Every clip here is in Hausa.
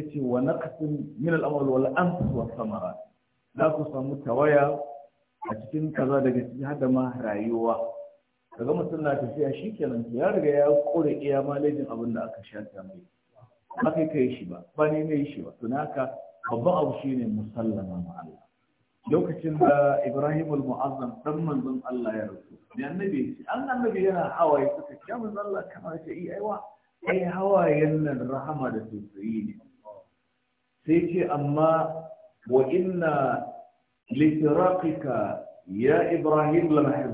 ce wa naqsin min al-amal wal anfus was samarat za ku samu tawaya a cikin kaza daga cikin hada ma rayuwa kaga mutum na tafiya shikenan ya riga ya kore iya malejin abin da aka shata mai ba kai kai shi ba ba ne ne shi ba to naka babban abu shine musallama ma Allah lokacin da Ibrahim al-Mu'azzam dan manzon Allah ya rasu ne annabi shi an annabi yana hawaye suka ce Allah kamar ce aiwa ai hawayen nan rahama da tausayi ne sai ce amma wa inna ya ibrahim la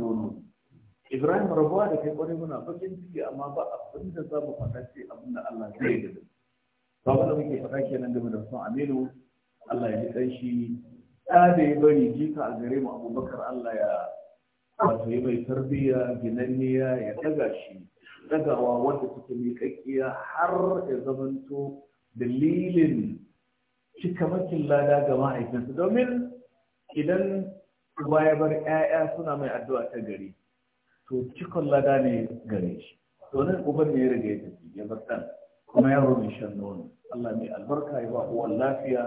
ibrahim rabuwa da kai kwarai muna bakin ciki amma ba abin da za mu faɗa ce abin da Allah zai da ba ba da muke faɗa kenan game da son aminu Allah ya ji ɗan shi da da ya bari jika a gare mu abubakar Allah ya wato mai tarbiyya ginanniya ya daga shi dagawa wanda take miƙaƙƙiya har ya zamanto dalilin cikamakin lada ga ma'aikinsu domin idan uba ya bar 'ya'ya suna mai addu'a ta gari to cikon lada ne gare shi to uban ne ya riga ya tafi ya bar ɗan kuma yaro mai shan nono Allah mai albarka ya ba uwan lafiya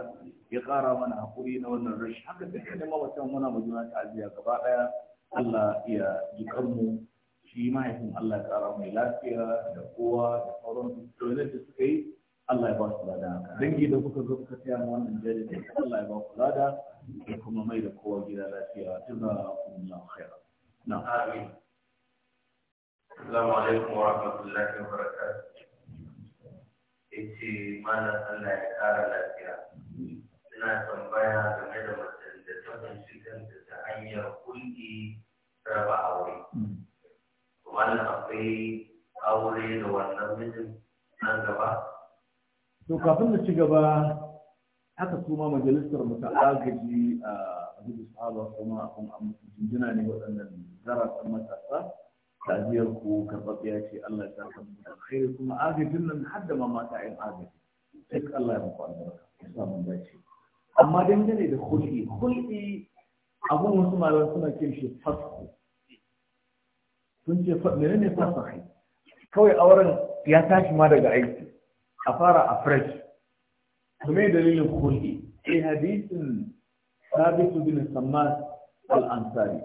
ya ƙara mana haƙuri na wannan rashi haka duka nema mawatan muna mu juna ta'aziyya gaba ɗaya Allah ya ji mu shi mahaifin Allah ya ƙara mai lafiya da kowa da sauran dole da suka yi Allah ya ba su lada haka dangi da kuka zo kuka tsaya wannan jari Allah ya ba ku lada da kuma mai da kowa gida lafiya na khairan na. amin assalamu alaikum wa rahmatullahi wa barakatuh yace malam Allah ya kara lafiya ina tambaya game da macen da ta kunshi da ta hanyar kulki raba aure hmm. wannan akwai aure da wannan mijin nan gaba to kafin na ci gaba haka su ma majalisar mu ta agaji a abu sahaba kuma kun an jinjina ne waɗannan zaratan matasa taziyar ku karɓaɓɓiya ce Allah ya saka mu da khairi kuma agajin nan har da ma mata yin agaji duk Allah ya muku albarka ya sa mun dace amma dangane da hulɗi hulɗi abun wasu malamai suna kin shi fasku sun ce menene fasahi kawai auren ya tashi ma daga aiki a fara a fresh kuma dalilin kulki a eh, hadisin sabitu bin samas al-ansari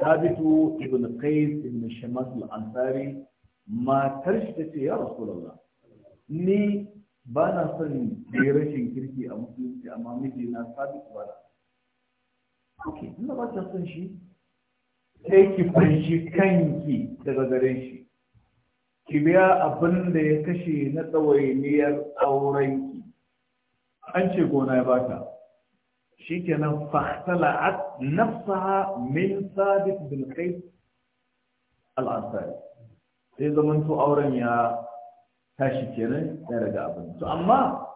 sabitu ibn qais ibn shamas al-ansari ma tarshe ce ya rasulullah ni ba na son yi rashin kirki a musulunci amma miji na sabi ba na ok ina ba ta son shi sai ki fahimci kanki daga gare shi ki biya abin da ya kashe na tsawainiyar aurenki an ce gona ya bata shikenan fahtala'at nafsaha min sabit bin kai al sai zaman to auren ya tashi kenan ya daga abin to amma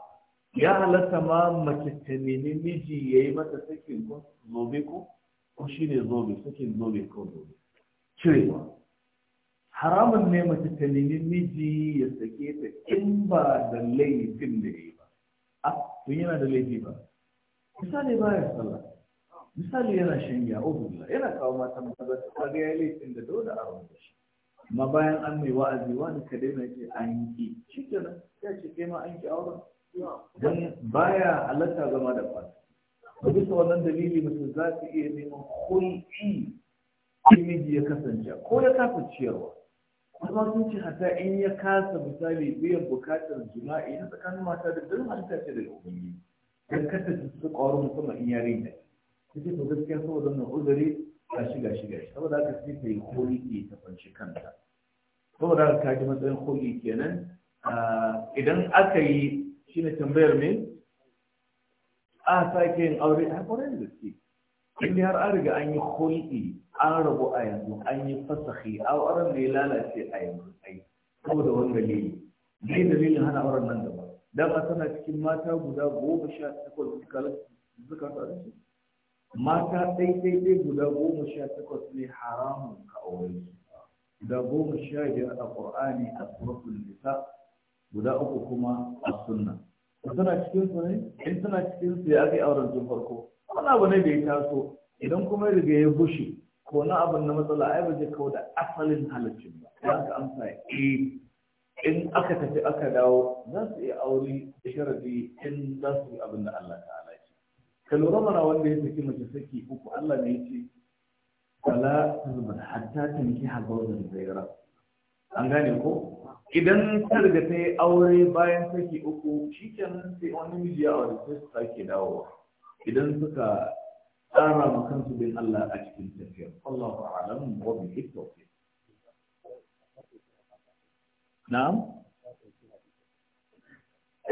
ya halatta ma mace ta nemi miji yi mata sakin ko zobe ko ko ne zobe sakin zobe ko zobe cirewa haramun ne mace ta nemi miji ya sake ta in ba da laifin da ya yi ba a tun yana da laifi ba misali ba ya sallah misali yana shan giya ubudula oh, yana kawo mata ba ta ga ya laifin da dole a rubuta shi amma bayan an mai wa'azi wani kade na ce an ki shi nan, ya ce kai ma an yi auren don baya halarta zama da fata ba bisa wannan dalili mace za ta iya neman hulɗi Kimiji ya kasance ko ya kasa ciyarwa amma sun ce hata in ya kasa misali biyan bukatar jima'i na tsakanin mata da duk halitta ce daga ubangiji don kasa su su ƙwaro musamman in yarin da ta ce to gaskiya saboda wannan uzuri a shi ga shi ga shi saboda haka sai ta yi holiki ta fanci kanta saboda haka ka ji matsayin koli kenan ah, idan aka yi shine tambayar me a sake yin aure a kwarar da suke in har an riga an yi hulɗi an rabu a yanzu an yi fasahi a auren da ya lalace a yanzu ai saboda wani dalili ne dalilin hana auren nan gaba dama tana cikin mata guda goma sha takwas suka da su mata ɗai guda goma sha takwas ne haramun ka aure su guda goma sha biyar a ƙur'ani a surafin nisa guda uku kuma a sunna tana cikin su ne in tana cikin su ya aka auren tun farko wani abu ne da ya taso idan kuma ya riga ya bushe ko na abin na matsala ai ba zai kawo da asalin halaccin ba ya ka amsa eh in aka tafi aka dawo za su yi aure da sharadi in za su yi abin da Allah ta'ala ce ka lura mana wanda ya saki mace saki uku Allah ne ya ce kala tazbar hatta tanki da zaira an gane ko idan ta riga ta yi aure bayan saki uku shikenan sai wani miji ya aure sai su sake dawowa idan suka tsara ma kansu bin Allah a cikin tafiya wallahu a'lam wa bihi tawfiq na'am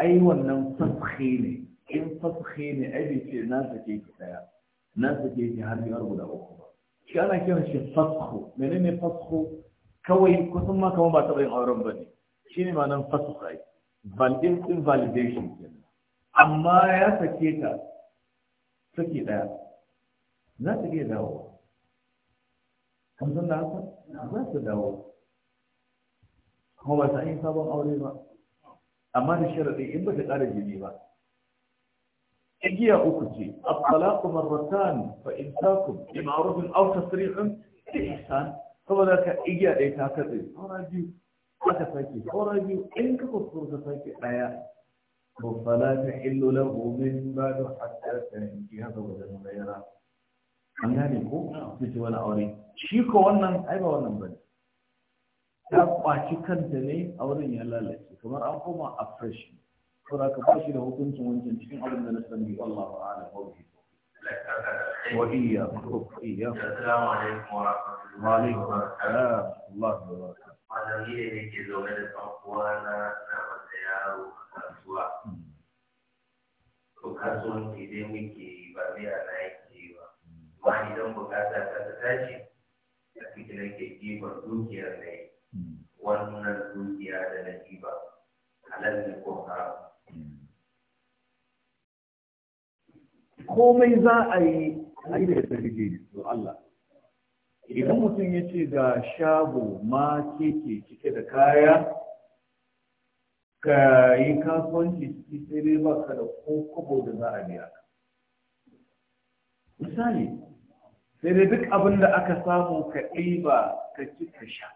ai wannan fashe ne in fashe ne ai ce na sake ki daya na sake ki har biyar guda uku ba shi ana kiran shi fasho menene fasho kawai kusan ma kamar ba taɓa yin auren ba ne shi ne ma nan fasho ai validation kenan amma ya sake ta suke ɗaya za su iya dawo kun da haka za su dawo kuma ba su yi sabon aure ba amma da sharaɗi in ba ta ƙara jini ba igiya uku ce abdalaku marratan fa in takum bi ma'rufin aw tasrihun bi ihsan saboda ka igiya ɗaya ta katse saura biyu aka sake saura biyu in ka kuskura ka sake ɗaya فلا تحل له من بعد حتى تنكيها زوجا غيره an gane ko ta wani aure shi ko wannan ai ba wannan bane ta kwaci kanta ne auren ya lalace kamar an koma a fresh ko da ka bashi da hukuncin wancan cikin abin da na sani wallahu a'lam wa bihi wa iya ko iya assalamu alaikum wa rahmatullahi wa barakatuh Allah ya baraka. Wannan ne yake zaune da ɗan uwa na na wata yaro kasuwa ko kasuwanci dai muke yi ba naira na yake yi ba amma idan bukata ta ta tashi a cikin nake kiwon dukiyar na yi wannan dukiya da na ba halal ne ko haram komai za a yi a yi da sarki to Allah idan mutum ya ce ga shago ma ke cike da kaya ka yi kasuwanci ciki sai dai ba da da za a biya misali sai dai duk abin da aka samu ka ɗiba ka ci ka sha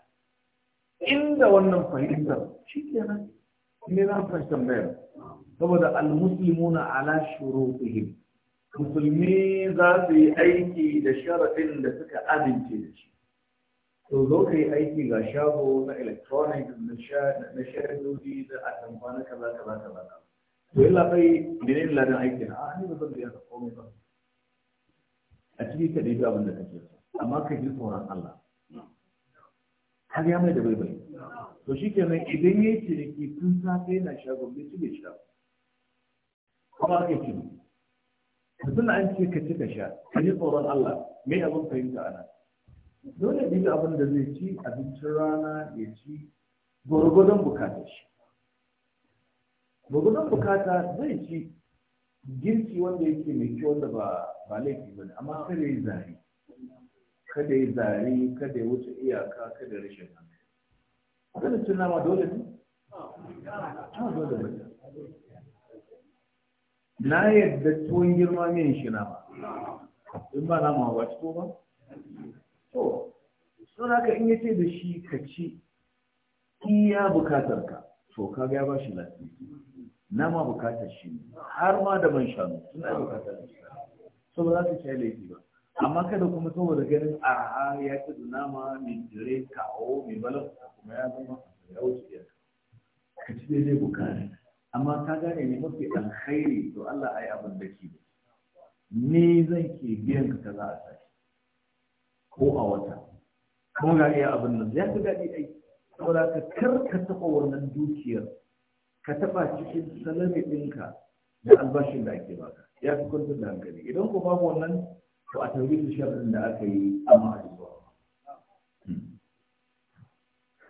inda wannan fahimtar shi nan, ne na fahimtar mayar. saboda almuslimuna ala shurutihim musulmi za su yi aiki da sharaɗin da suka amince da shi to zo ka yi aiki ga shago na electronic na shahararrodi na atamfa na kaza kaza kaza to yi labai da ne ladan aiki na a ne ba zan biya ka komai ba a ciki ka ɗaiɗi abin da kake so amma ka ji tsoron Allah har ya mai da bai bai to shi kenan idan ya yi ciniki tun safe na shagon bai cike shago kuma ba ka ciniki mutum an ce ka ci ka sha ka ji tsoron Allah me abin fahimta a nan dole ne abin da zai ci abincin rana ya ci gwargwadon bukatar shi gwargwadon bukata zai ci girki wanda yake mai kyau wanda ba ba laifi ba ne amma kada yi zari kada yi zari, kada ya wuce iyaka kada rashin hankali kada cin nama dole ne ta dole ba na yadda tuwon girma min shi nama in ba nama ba ci ko ba to sun haka in yace da shi ka ci iya bukatar ka to ka ga ya ba shi lafiya na ma bukatar shi har ma da man shanu suna bukatar shi so ba za su ci laifi ba amma kada kuma saboda ganin a ya ci da nama mai jire kawo mai balan kuma ya zama ya wuce ya ka ci daidai bukatar amma ka gane ne mafi alkhairi to Allah ai abin da ke ne zai ke biyan ka kaza a sai ko a wata kuma ga iya abin nan ya fi daɗi ai saboda ka kar ka taɓa wannan dukiyar ka taɓa cikin salami ɗinka da albashin da ake baka ya fi kwantar da hankali idan ko babu wannan to a tauri su sha da aka yi amma a zuwa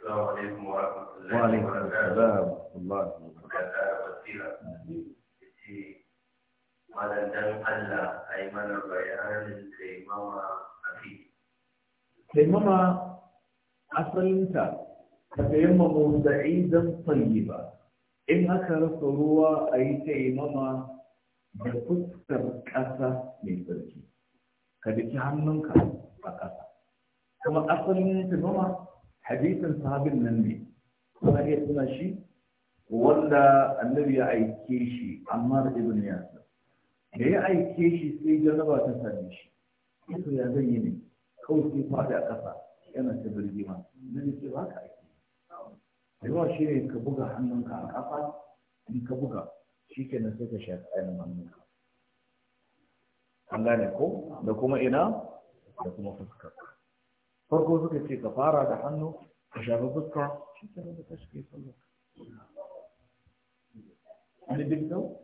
Assalamu alaikum wa wa Malam dan Allah a yi mana bayanin taimama taimama asalinta ka taimama sa'idan ba in aka rasa ruwa a yi taimama da fuskar ƙasa mai sarki ka daki hannunka a ƙasa kuma asalin taimama hadisin sahabin nan ne kuma iya tuna shi wanda annabi ya aike shi ammar ibn yasir da ya aike shi sai jaraba ta same shi ya zan yi ne kawai sai faɗi a ƙasa yana ta birgima na ne ce ba ka aiki yawa shi ne ka buga hannunka a ƙafa in ka buga shi kenan sai ka shafi ainihin hannunka an gane ko da kuma ina da kuma fuskar farko suka ce ka fara da hannu ka shafi fuskar shi kenan da ka shige sallah ne duk dau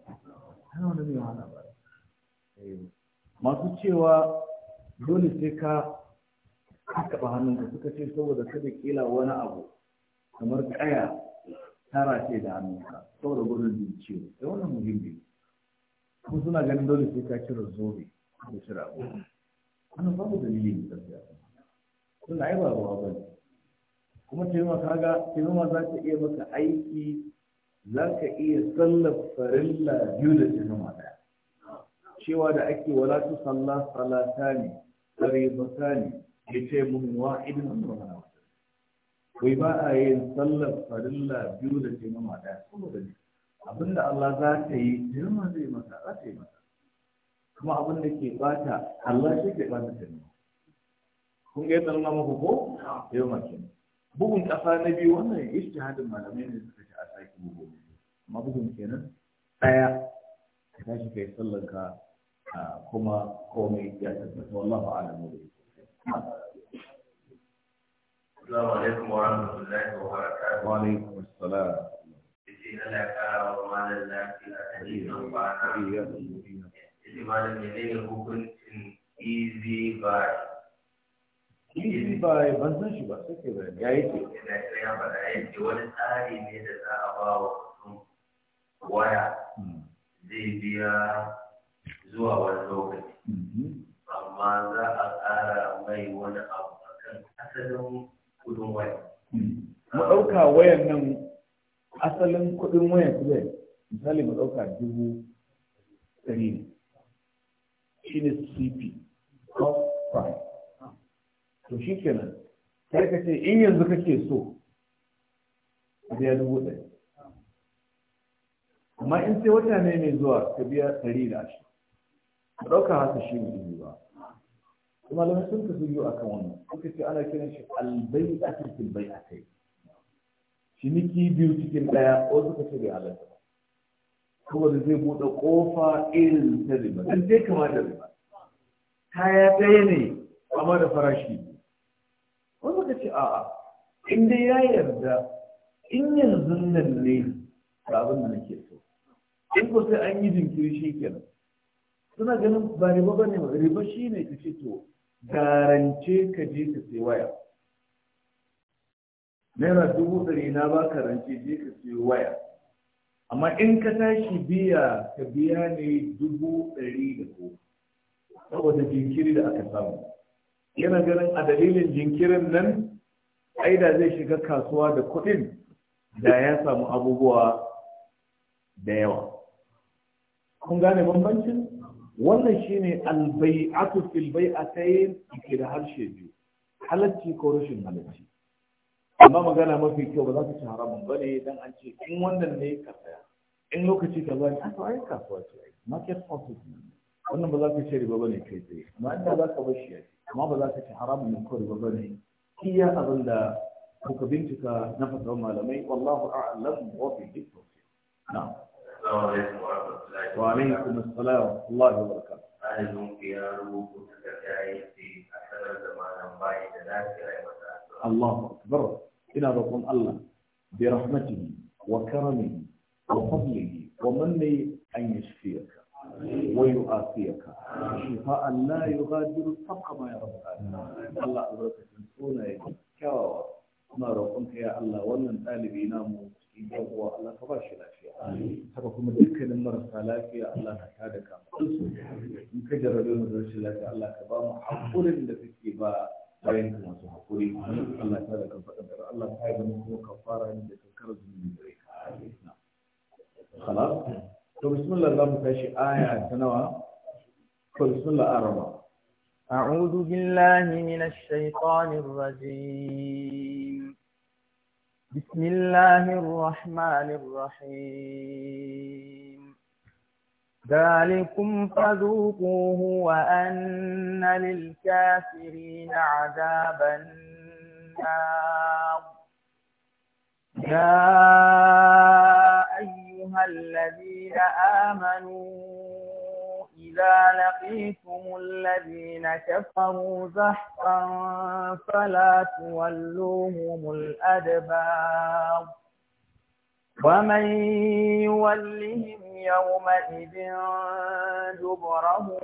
ana wani mai wahala ba masu cewa dole sai ka ka taɓa hannunka suka ce saboda kada kila wani abu kamar kaya tara ce da hannunka saboda gudun jin ciwo da eh, wannan muhimmi ko suna ganin dole sai ka cire zobe da shira abu wannan babu dalili ne yi tun ai ba ruwa ba ne kuma taimaka ga taimaka za ta iya maka aiki za ka iya sallar farilla biyu da taimaka ɗaya cewa da ake wala su sallah salata ne tsare ne ya ce mun idin an wata kai ba a yi sallar farilla biyu da ce mama da saboda ne abinda Allah za ta yi girma zai masa za ta yi masa kuma abin da ke bata Allah shi ke bata ta ne kun ga yadda nuna muku ko yau maki bugun ƙasa na biyu wannan hadin malamai ne suka ci a saki bugu amma bugun kenan ɗaya ka tashi kai sallar ka kuma komai ya tabbata wallahu a'lamu da ita السلام عليكم ورحمة الله وبركاته وعليكم السلام إذن الله كارا ومعنى الله إلى تهيئ وعنا إذن معنى منين هكون easy buy easy buy ban shi ba sai ba ya yi ce ya faɗa ya ce wani tsari ne da za a ba wa mutum waya zai hmm. biya zuwa wani lokaci hmm. amma za a ƙara mai wani abu akan asalin kudin waya. Mu ɗauka wayan nan asalin kudin wayan su zai misali mu ɗauka dubu ɗari ne. Shi ne CP, top price. To shi kenan, sai ka ce in yanzu kake so, A biya dubu ɗari. Amma in sai wata ne mai zuwa ka biya ɗari da ashirin. Ka ɗauka haka shi ne dubu ba. malamai sun kasu biyu a kan wannan suka ce ana kiran shi albai a cikin bai a kai ciniki biyu cikin ɗaya ko suka ce bai halatta Kawai zai buɗe ƙofa irin ta riba dan dai kama da riba kaya ɗaya ne amma da farashi wanda suka ce a'a in dai ya yarda in yanzu nan ne ga abin da nake so in ko sai an yi jinkiri shi kenan suna ganin ba riba ba ne riba shi ne ka ce to garance ka je ka sai waya naira dubu ɗari na ba ka rance je ka sai waya amma in ka tashi biya ka biya ne dubu ɗari da ko saboda jinkiri da aka samu yana ganin a dalilin jinkirin nan aida zai shiga kasuwa da kuɗin da ya samu abubuwa da yawa kun gane bambancin wannan shi shine albai'atu fil bai'atayn ke da harshe biyu halacci ko rashin halacci amma magana mafi kyau ba za ta ci haramun ba ne dan an ce in wannan ne ka saya in lokaci ka zai a ah, ai kasuwa ce ai market forces ne wannan ba za ka ce riba ba ne kai tsaye amma inda za ka bar shi yake amma ba za ka ci haramun ne ko riba ba ne iya abin da kuka bincika na fasahar malamai wallahu a'lam wa bi dukkan na'am السلام عليكم ورحمة الله وبركاته وعليكم السلام ورحمة الله وبركاته أنا ممكن أروح وتكتعي في أكثر زمان باي جلالك الله أكبر إلى رسول الله برحمته وكرمه وفضله ومنه أن يشفيك ويؤافيك شفاء لا يغادر سقما يا رب العالمين الله أبرك تنسونا يا كوا ما رقمك يا الله ولن طالبين موت yan uwa Allah ka ba shi lafiya haka kuma dukkanin marasa lafiya Allah ka da kamfansu in ka jarrabe mu da rashin lafiya Allah ka ba mu da kake ba bayan ka masu haƙuri Allah ta da kamfansu Allah ta yi zama kuma da zunubi خلاص بسم الله آية بسم الله أربعة أعوذ بالله من الشيطان الرجيم بسم الله الرحمن الرحيم ذلكم فذوقوه وأن للكافرين عذاب النار يا أيها الذين آمنوا إذا لقيتم الذين كفروا زحفا فلا تولوهم الأدبار ومن يولهم يومئذ دبره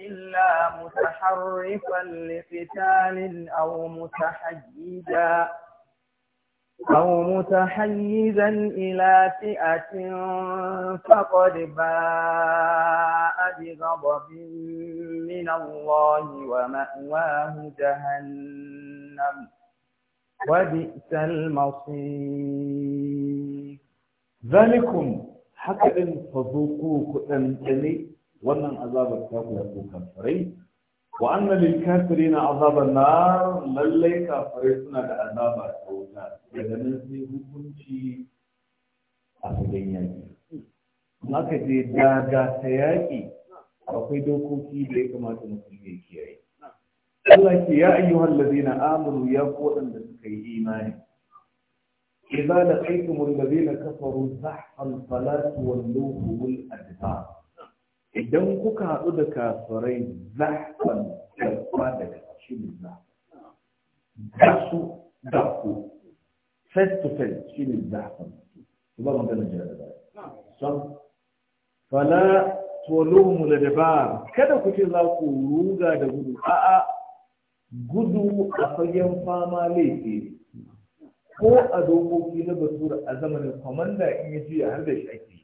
إلا متحرفا لقتال أو متحيداً أو متحيزا إلى فئة فقد باء بغضب من الله ومأواه جهنم وبئس المصير ذلكم حتى إن فذوقوه ومن أذاب التاكل أبو كفرين wa anna na kafirin azaban lallai kafare suna da azaba ta wuta daga nan sai hukunci a fagen yaki in aka je daga ta yaƙi. akwai dokoki da ya kamata mutum ya kiyaye Allah ke ya ayyuhal ladina amanu ya ku waɗanda suka yi imani idza laqaytumul ladina kafaru zahfan fala tuwalluhum al idan kuka haɗu da kafirai a karfa daga kashi ne za a su da ku face to face shi ne zafan su ba maganar jira da baya son fala tuwaluhumu da dabar kada ku ce za ku ruga da gudu a'a gudu a fagen fama laifi ko a dokoki na basura a zamanin kwamanda in ya juya har da shi ake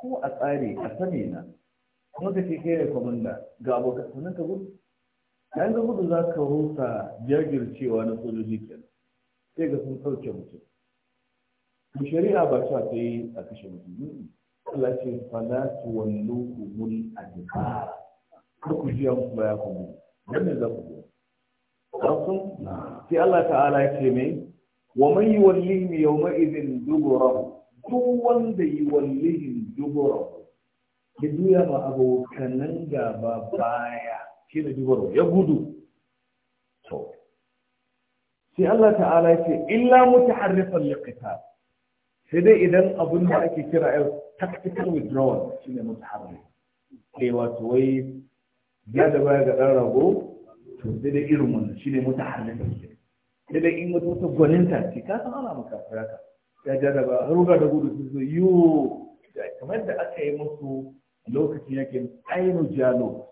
ko a tsari a sani na kuma ka ke kai ne da ga abokan sannan ka gudu yayin da gudu za ka rusa jajircewa na sojoji kenan sai ga sun sauke mutum to shari'a ba ta ta yi a kashe mutum Allah ce fala tuwallu humul adbara ko ku ji an baya ku mu dan ne za ku ji rasul sai Allah ta'ala ya ce mai wa man yuwallihim yawma dubu rahu? kowan wanda yi wallihin dubura ya juya ma abokanan gaba baya shi da dubura ya gudu to sai Allah ta'ala ce illa mutaharrifan liqital sai dai idan abin da ake kira yau tactical withdrawal shi ne mutaharrif kai wato wai ya da baya ga dan rago to sai dai irin wannan shi ne mutaharrif sai dai in wata wata gwaninta ce ka san ana maka haka ya ba a ruga da gudu sun zo yiwu kamar da aka yi musu lokacin yakin ainu jalo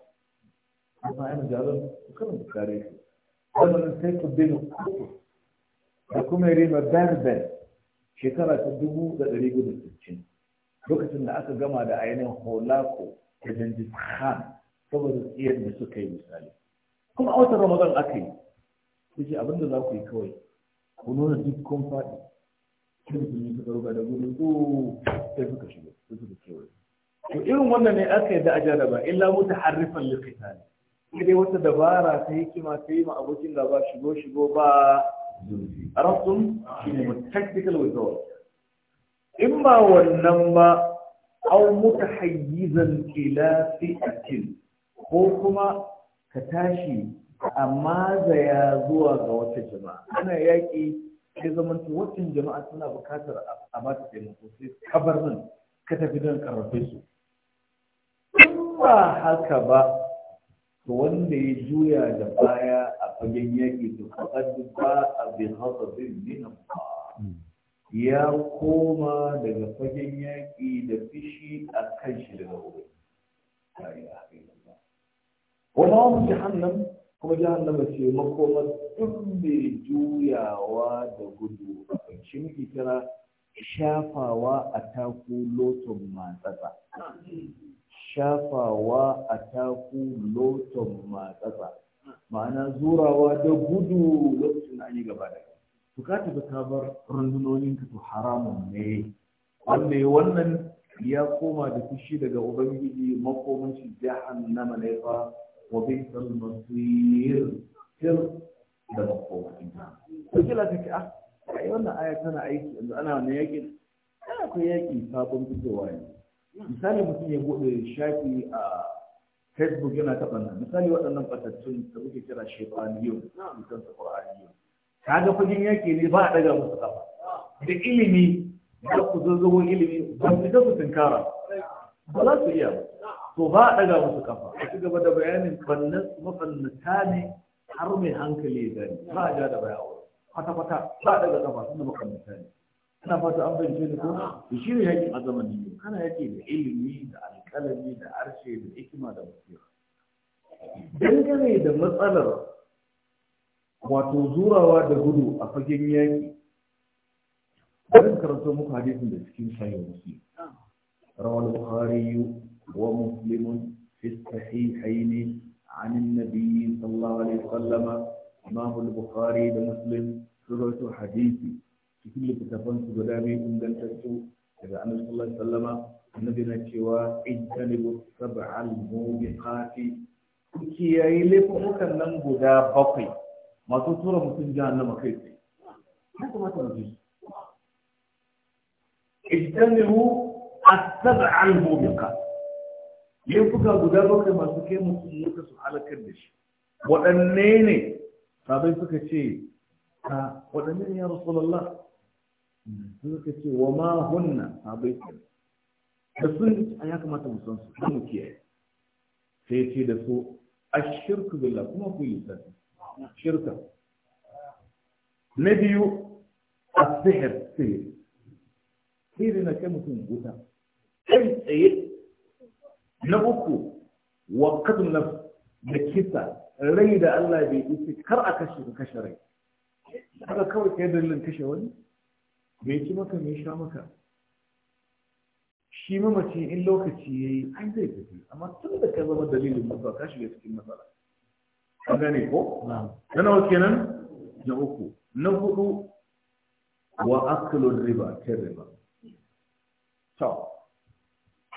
amma ainu jalo kan bukare shi wannan sai ku bin kuku da kuma ma berber shekara ta dubu da ɗari gudu sittin lokacin da aka gama da ainihin holako da jangis khan saboda tsiyar da suka yi misali kuma a watan ramadan aka yi kuce abinda za ku yi kawai ku nuna duk kun faɗi sai suka ruga da gudu ko sai suka suka to irin wannan ne aka yi da illa mutu harrifan ne sai dai wata dabara ta hikima ta yi ma abokin gaba shigo shigo ba a rasun shi ne tactical withdrawal in ba wannan ba au mutu hayyizan ila fi'atin ko kuma ka tashi amma zaya zuwa ga wata jama'a ana yaƙi sai zaman wacin jama'a suna bukatar a ba ta taimako sai kabar nan ka tafi don karfafe su in ba haka ba to wanda ya juya da baya a fagen yaƙi to faɗaɗi ba a bin haka bin ba ya koma daga fagen yaƙi da fishi a kan shi daga wuri. Wani wani jihannan kuma jahannama ce makoma duk mai juyawa da gudu a bakin itara shafawa a taku loton matsatsa shafawa a taku loton matsatsa ma'ana zurawa da gudu lokacin an yi gaba da Ku ka tafi ka bar ka to haramun ne wanda wannan ya koma da fushi daga ubangiji makomanci jahannama ne fa wa bi salmasir da makoma kila ka ce ah ai wannan aya tana aiki yanzu ana wannan yakin ana yaki sabon fitowa ne misali mutum ya bude shafi a facebook yana taɓa nan misali waɗannan fatattun da muke kira shefaniyun kan su qur'aniyun ga fagen yaki ne ba a daga musu kafa da ilimi da ku zo ilimi ba su ga su ba za su iya ba to ba a ɗaga musu kafa a ci gaba da bayanin bannan mafannata ne har mai hankali ya gani ba a ja da baya kwata-kwata ba a ɗaga kafa suna mafannata ne ana fata an fahimce ni ko shi ne yakin a kana yaki da ilimi da alƙalami da harshe da hikima da basira dangane da matsalar wato zurawa da gudu a fagen yaki bari karanto muku hadisin da cikin sahih muslim rawal bukhari ومسلم في الصحيحين عن النبي صلى الله عليه وسلم إمام البخاري ومسلم سورة حديثي في كل كتابان سجدامي إن دلتشو إذا أنا صلى الله عليه وسلم النبي نتشوى اجتنبوا السبع الموبقات kiyayi laifukan nan guda bakwai masu tura mutum jahannama kai tsaye ya kamata mu ji ijtanibu as-sab'a al-mubiqat laifuka guda bakwai masu kai mutum wuta su halakar da shi waɗanne ne sabai suka ce ka waɗanne ne ya rasulallah suka ce wa ma hunna sabai su da sun a ya kamata mu san su kan mu kiyaye sai ce da su ashirku billah kuma ku yi lissafi shirka na biyu asihir sihir sihir na kai mutum wuta kai tsaye na uku wa kadun na da kisa rai da Allah bai isi kar a kashe ka kashe rai haka kawai kai dalilin kashe wani bai ci maka mai sha maka shi ma mace in lokaci ya yi an zai tafi amma tun da ka zama dalilin mutuwa ka shiga cikin matsala an gane ko na nawa kenan na uku na hudu wa aklun riba cin riba to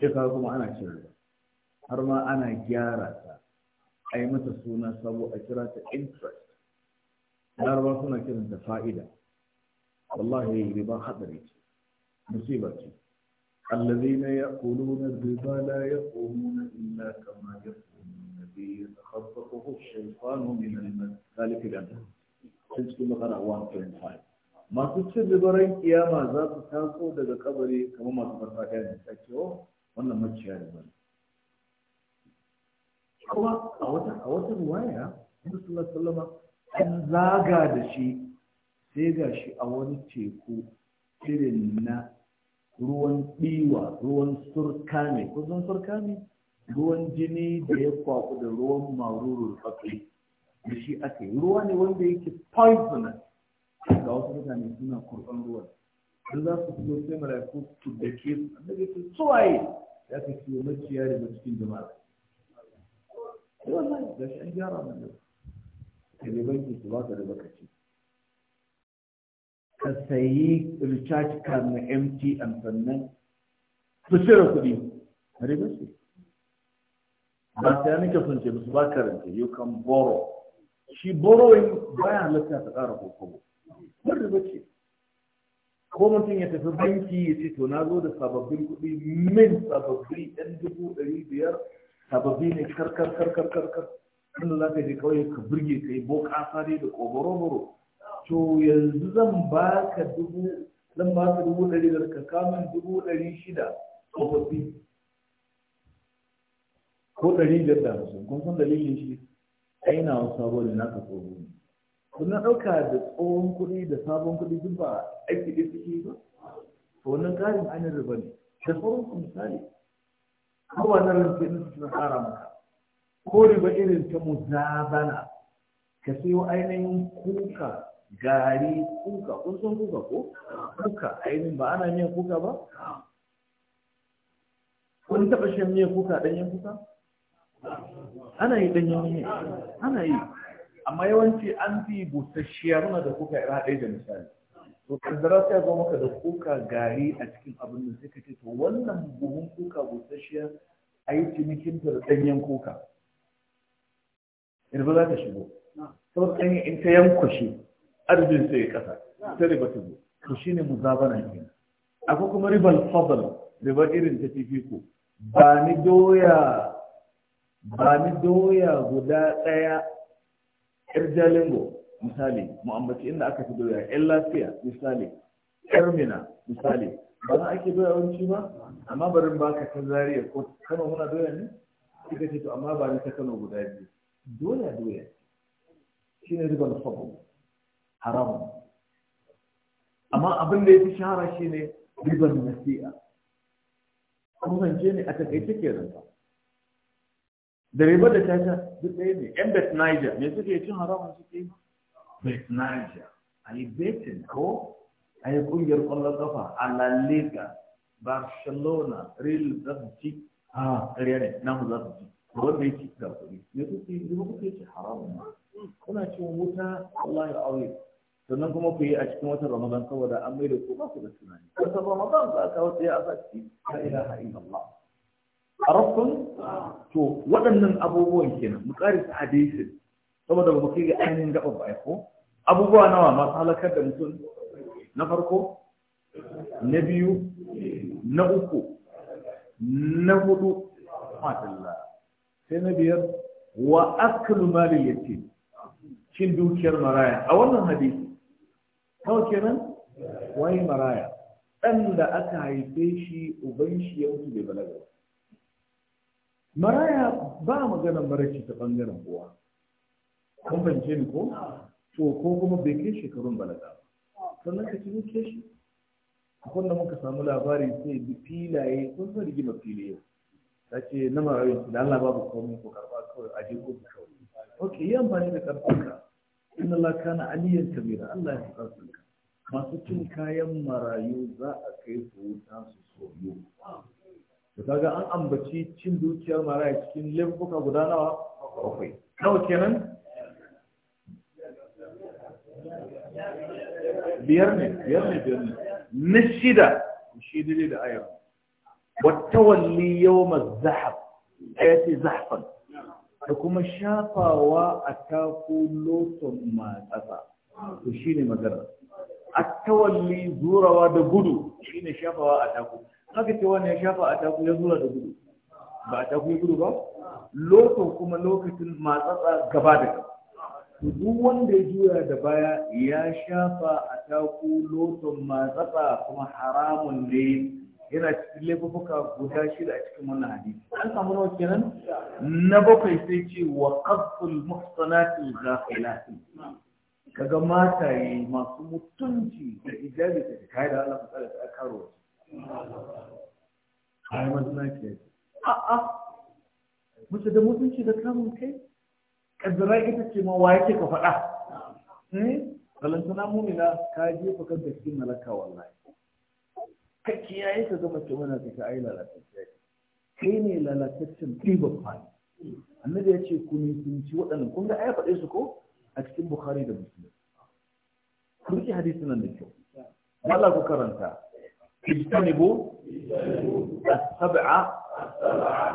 sai ka kuma ana cin riba har ma ana gyara ta a yi mata suna sabo a kira ta interest larabar suna kiran kiranta fa'ida wallahi riba haɗari ce musiba ce الذين يأكلون الربا لا يقومون إلا كما يقوم الذي يتخبطه الشيطان من المس ذلك الأمر سنة بقرة 125 masu cin ribaran kiyama za su taso daga kabari kamar masu farfadiya ne ta ce oh, wannan maciya riba ne kuma a wata a wata ruwaya Rasulullah sallama an zaga da shi sai ga shi a wani teku irin na ruwan ɗiwa ruwan surka ne kusan surka ne ruwan jini da ya kwaku da ruwan marurur fakai da shi aka ruwa ne wanda yake poisonous ga wasu mutane suna kurban ruwan don za su fito sai mala'iku su dake su annabi su suwaye ya ka ciwo maciya da cikin jama'a sai wallahi ga shi an gyara mana ka je banki su baka da baka ci ka sayi recharge card na MTN sannan su cire kuɗi riba ce ba sai nake sun ce musu ba karanta you can borrow shi borrowing baya halatta ta ƙara kokobo ba riba ce ko mutum ya tafi banki ya ce to na zo da sababbin kuɗi min sababbi ɗan dubu ɗari biyar sababbi ne karkar karkar karkar inda za ka je kawai ka burge ka yi boka sare da koboro to yanzu zan ba ka dubu zan ba ka dubu ɗari da ka kamun dubu ɗari shida tsofaffi ko ɗari biyar da hamsin kun san dalilin shi yi na wasu sabon da naka tsoho ne na ɗauka da tsohon kuɗi da sabon kuɗi duk ba aiki ɗaya suke ba to wannan ƙarin an riba ne da sauran misali kowa nan rance ɗin su tsara maka ko riba irin ta muzabana ka sayo ainihin kuka gari kuka kun san kuka ko kuka ainihin ba ana miyan kuka ba kun taɓa shan miyan kuka ɗanyen kuka ana yi ɗanyen miyan ana yi amma yawanci an fi busasshiya muna da kuka ira ɗaya da misali to kaddara sai ga maka da kuka gari a cikin abin da suka ce to wannan buhun kuka busasshiya a yi cinikin ta da ɗanyen kuka ba za ta shigo da ɗanyen in ta yankushe arzikin sai ya ƙasa ta riba ta zo to shine muzabana kenan akwai kuma ribar fadal riba irin ta fifiko ba ni doya ba ni doya guda ɗaya ƴar jalingo misali mu inda aka fi doya yan lafiya misali karmina misali ba za ake doya wanci ba amma barin ba ka ta zariya ko kano muna doya ne kika ce to amma ba ni ta kano guda biyu doya doya shi ne ribar sabo haramun amma abin da ya fi shahara shi ne ribar nasi'a kuma zance ne a takaice ke ranta da riba da caca duk ɗaya ne yan bet niger me suke cin haramun suke yi Prince Niger, a yi Betin ko a yi ƙungiyar ƙwallon ƙafa a La Liga, Barcelona, Real za su ci a ƙarya ne, namu za su ci. Wanda ya ci da kuɗi, ya su ci, ya kuke ci haramun ma. Kuna ci wuta, Allah ya aure. Sannan kuma ku yi a cikin watan Ramadan saboda an mai da ku ba ku da tunani. Wata Ramadan za ka wata ya asa ci, la ilaha illallah. Arabtun? To, waɗannan abubuwan kenan, mu ƙarisa hadisin. saboda ba kai ga ainihin gaba ba ko abubuwa nawa masu halakar da mutum na farko na biyu na uku na hudu matalla sai na biyar wa akalu mali yake cin dukiyar maraya a wannan hadisi kawai kenan wai maraya ɗan da aka haife shi uban shi ya mutu bai balaga maraya ba maganar maraci ta bangaren uwa kun fahimce ni ko to ko kuma bai kai shekarun balaga sannan ka ci keshi. shi akwai da muka samu labari sai bi filaye kun san rigimar fili yau ta ce na marayun su da Allah babu komai ko karba kawai aje ko kawai ok yi amfani da karfinka inna Allah kana aliyan kabira Allah ya su karfinka masu cin kayan marayu za a kai su wuta su soyo to kaga an ambaci cin dukiyar maraya cikin lebuka guda nawa bakwai kenan biyar ne biyar ne biyar ne na shida shi dai da ayar wata walli yau zahab ya ce zahafan da kuma shafawa a taku loton matsatsa to shi ne magana a tawalli zurawa da gudu shi ne shafawa a taku haka ce wani ya shafa a taku ya zura da gudu ba a taku ya gudu ba loton kuma lokacin matsatsa gaba da gaba duk wanda ya juya da baya ya shafa a ku lotun mazaɓa kuma haramun ne yana cikin laifuka guda shida a cikin wannan hadisi an samu nawa kenan na bakwai sai ce wa qaful muhsanatil ghafilat kaga mataye masu mutunci da ijabi da kai da Allah ta ta karo ai mazuna ke a a mace da mutunci da kamun kai kaddara ita ce ma waye ke ka faɗa eh? na mumina ka jefa kanka cikin malaka wallahi ka kiyaye ka gama ce mana ka ai lalatacciya kai ne lalataccen ɗiban fani annabi ya ce ku nisanci waɗannan kun ga ai faɗe su ko a cikin bukhari da muslim ku riƙe hadisin nan da kyau wala ku karanta اجتنبوا السبع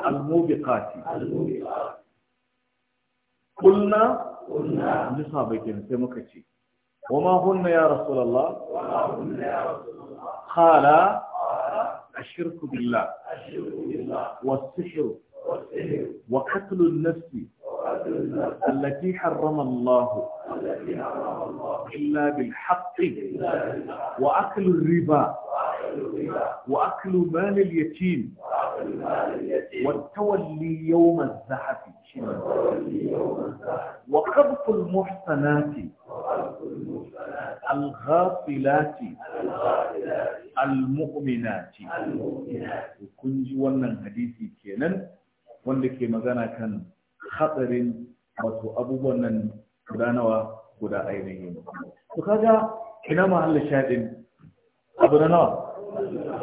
الموبقات قلنا لصحابه كده sai muka ce وما هن يا رسول الله قال الشرك بالله والسحر وقتل النفس التي حرم الله إلا بالحق وأكل الربا وأكل مال اليتيم والتولي يوم الزحف وقبط المحسنات الغافلات المؤمنات وكنج ونن حديثي كينن وندك مغانا كان خطر وتو أبو ونن قدانوا قد أينهم وكذا كنا محل شاهدين abu na nawa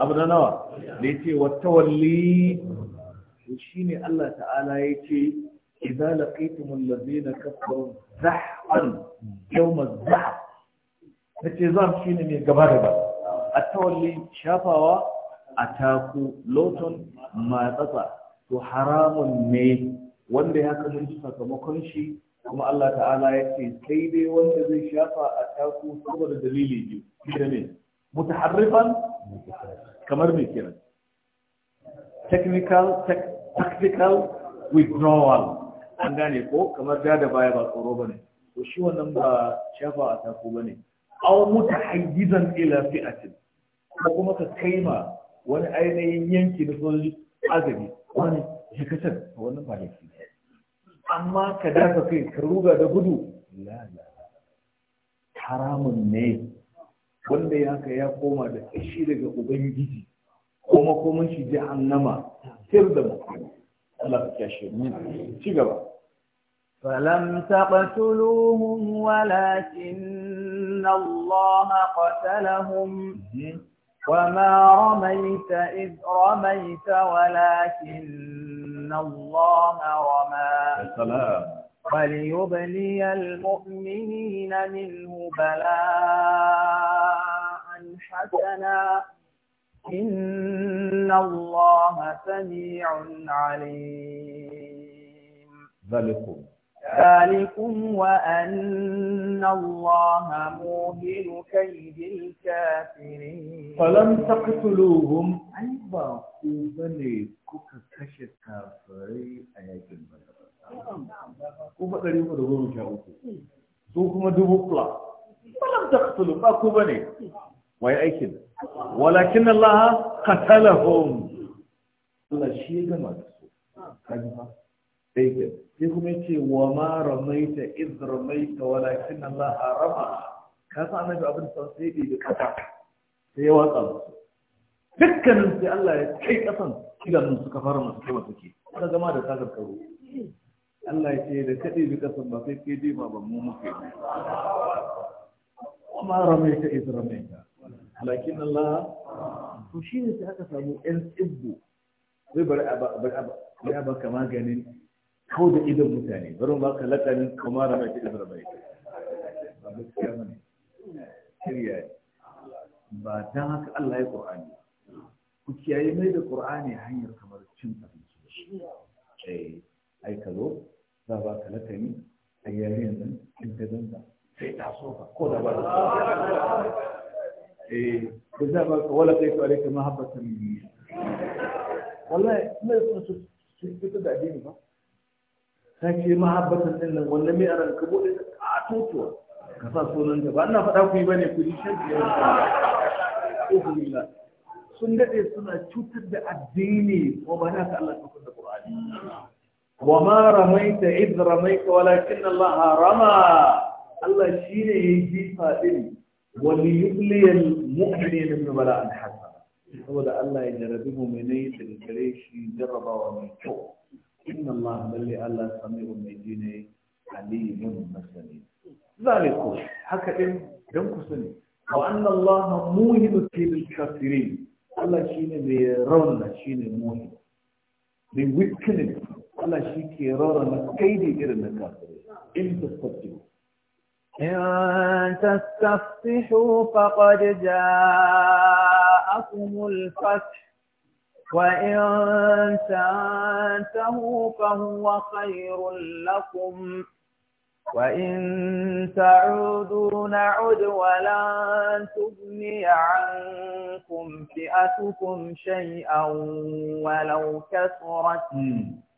abu na nawa da ya ce wata walli shi ne Allah ta'ala ya ce idza laqaytumul ladina kafaru zahfan yawma zahf nace zam shine ne gaba da gaba A tawalli shafawa ataku loton matsatsa to haramun ne wanda ya kasance sakamakon shi kuma Allah ta'ala ya ce sai dai wanda zai shafa a taku saboda dalili biyu ne mutaharrifan kamar mai kiran technical tactical withdrawal an gane ko kamar da da baya ba tsoro bane to shi wannan ba shafa a tako bane aw mutahayyizan ila fi'atin ko kuma ka kaima wani ainihin yanki na sojoji azumi wani shi a wannan ba laifi amma ka dafa kai ka ruga da gudu la la haramun ne wanda ya haka ya koma da kashi daga ubangiji koma makoman shi nama, sir da makon Allah ka kyashe mu ci gaba فلم تقتلوهم ولكن الله قتلهم وما رميت إذ رميت ولكن الله رمى السلام وليبلي المؤمنين منه بلاء حسنا إن الله سميع عليم ذلكم ذلكم وأن الله موهن كيد الكافرين فلم تقتلوهم أي أيوة. باقوبني كوكا كشف كافري آيات البلد كوكا قريبا دغورو شاوكو ما دوبو بلا فلم تقتلوا باقوبني wai aikin walakin Allah katalahum Allah shi ya gama da su kaji fa sai ke sai kuma yace wa ma ramaita iz ramaita walakin Allah rama ka san annabi abin sa sai bai da kasa sai ya watsa su dukkanin sai Allah ya kai kasan kidan suka fara masu kai suke ka gama da sakar karo Allah ya ce da kaɗe bi kasan ba sai ke dima ba mu muke. ma ramaita iz ramaita. halakin Allah to shi ne sai aka samu ƴan tsibbu zai bari a baka maganin kau da idon mutane bari ba ka lakanin kamara mai kiɗa da bai ba gaskiya ba ne shirya ba ta haka Allah ya ƙur'ani ku kiyaye mai da ƙur'ani hanyar kamar cin abinci eh ai ka zo za ba ka lakani a yare yanzu in ka zanta sai ta sofa ko da ba da إيه كذابك ولا قيت عليك محبة مني والله ما يصير شفت ده دين بقى sake mahabbatan din nan wanda mai aran ka bude ka katotuwa ka sa sunan ta ba ina faɗa ku yi bane ku ji shan ke sun daɗe suna cutar da addini ko ba na ka Allah ka kunna Qur'ani wa ma ramaita id ramaita walakin Allah rama Allah shine yayi jifa din wani yubliyar mu'mini min nubala an hasa saboda Allah ya jarabi mu'minai da gare shi jarabawa mai kyau inna Allah lalle Allah sami'un mai ji ne alimun masani zaliku haka din dan ku sani wa anna Allah muhinu fil kafirin Allah shine mai rauna shine muhin bi wikinin Allah shi ke rauna kaidi irin na kafirai in إن تستفتحوا فقد جاءكم الفتح وإن تنتهوا فهو خير لكم وإن تعودوا نعد ولن تغني عنكم فئتكم شيئا ولو كثرت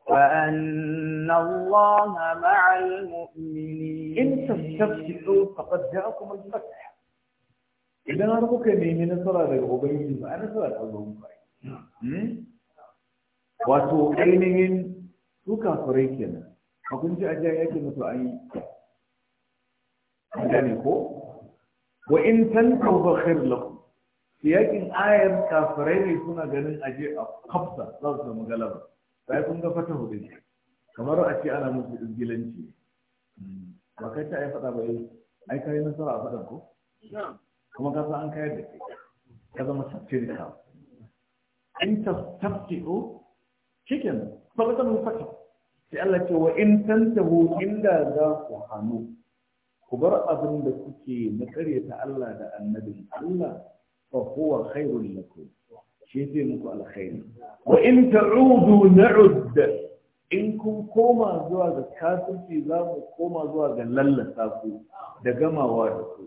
وأن الله مع المؤمنين إن تستفتحوا فقد جاءكم الفتح إذا نرغو كمي من الغرب الغبيل أنا صلاة الغبيل نعم. واتو أينهن تو كافريكينا فكنت أجايك مثل أي أجاني كو وإن تنتو فخير لكم في أكين آية كافريني كنا جنين أجي خبصة لغة مغلبة sai kun ga fata hudu kamar a ce ana musu izgilanci ba kai ta ai fada ba eh, yi ai kai nasara a fadan ko kuma ka san an kayar da kai ka zama satirical in ta tafti'u cikin falatan fata sai Allah ce wa in tantahu inda za ku hannu ku bar abin da kuke na karyata Allah da annabin Allah fa huwa khairul lakum shi zai muku alkhairi wa in ta'udu na'ud in kun koma zuwa ga kafirci za mu koma zuwa ga lallasa ku da gamawa da ku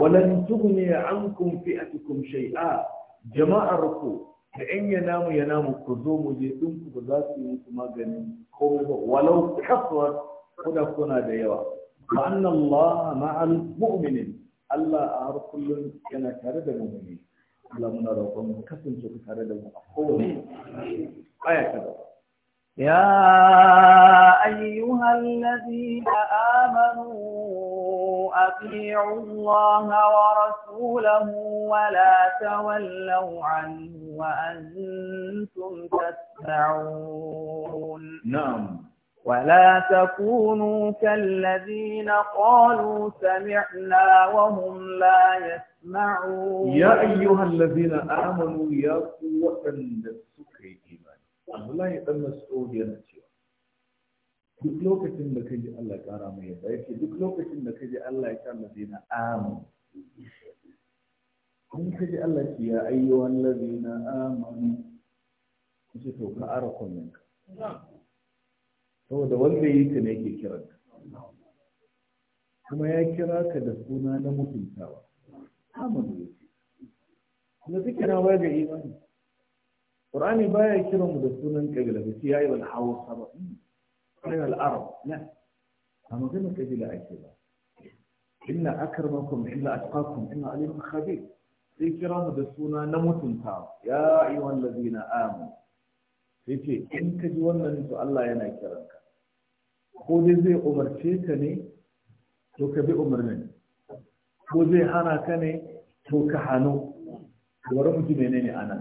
walan tughni ankum fi'atukum shay'a jama'arku da in ya namu ya namu ku zo mu je din ku ba za su yi ku magani ko walau kaswat kuna kuna da yawa fa Allah ma'al mu'minin Allah a har kullum yana tare da mu'mini Allah muna roƙon mu kasance tare da mu a kowane aya يا أيها الذين آمنوا أطيعوا الله ورسوله ولا تولوا عنه وأنتم تسمعون نعم ولا تكونوا كالذين قالوا سمعنا وهم لا يسمعون يا أيها الذين آمنوا يا قوة للسكر إيمان الله يقل مسؤول ينتيو duk lokacin da ka ji Allah ƙara mai yadda yake duk lokacin da ka ji Allah ya kalla zina amin kun ka ji Allah ki ya ayyuhan lazina amin ku ce to ka ara kunnen ka saboda wanda yi ka ne ke kiran ka kuma ya kira ka da suna na mutuntawa amanu yake kuma zikira ba ga imani qur'ani baya kiran mu da sunan ƙabila, ba ya yi wal hausa saba, ayyul al-arab la a magana kabila ake ba inna akramakum illa atqakum inna alim khabir sai kira mu da suna na mutuntawa ya ayyuhal ladina amanu sai ce in ka ji wannan to Allah yana kiranka ko dai zai umarce ka ne to ka bi umarnin ko zai hana ka ne to ka hannu wani mutum ne ne ana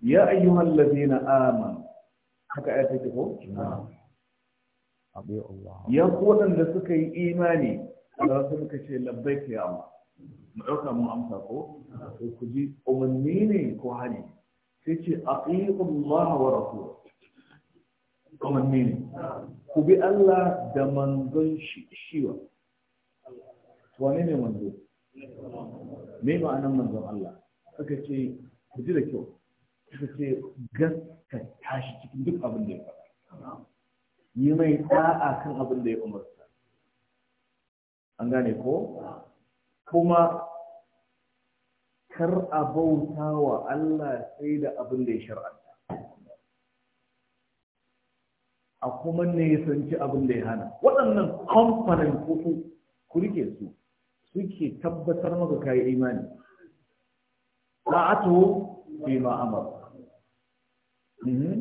ya ayyuhan na ama haka ya take ko ya kodan da suka yi imani da wasu muka ce labbai ka yawa mu ɗauka mun amsa ko ko ku ji umarni ne ko hani sai ce aqiqu Allah wa rasulahu common meaning ku bi Allah da manzon shiwa wane ne manzo me ma'anar manzon Allah suka ce ku ji da kyau suka ce gaskata shi cikin duk abin da ya faɗa yi mai da'a kan abin da ya umarta an gane ko kuma kar a bauta wa Allah sai da abin da ya shar'anta a kuma ne ya sanci abin da ya hana waɗannan kamfanin kuku ku rike su suke tabbatar maka kayan imani ta'atu fi ma amar mhm.